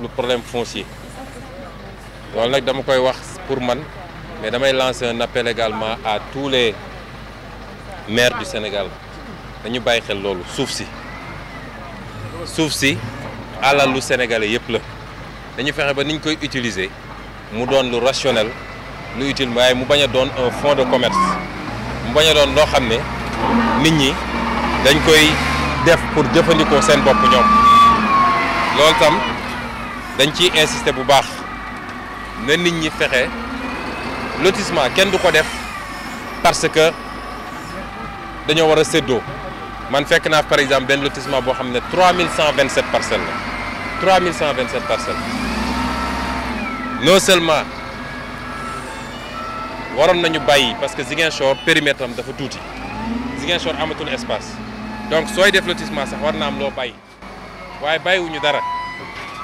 le problème foncier Je pour moi mais je lancer un appel également à tous les maires du Sénégal dañu sénégalais Nous la dañu utiliser rationnel nous utile un fonds de commerce nous devons un fonds pour défendre dañ ciy insister bu baax na nit ñi fexe lotissement kenn du ko def parce que dañoo war a séddoo man fekk naa par exemple benn lotissement boo xam 3127 parcelles 3127 parcelles non seulement waroon nañu bàyyi parce que Ziguinchor périmètre am dafa tuuti Ziguinchor amatul espace donc sooy def lotissement sax war na am loo bàyyi waaye bàyyiwuñu dara.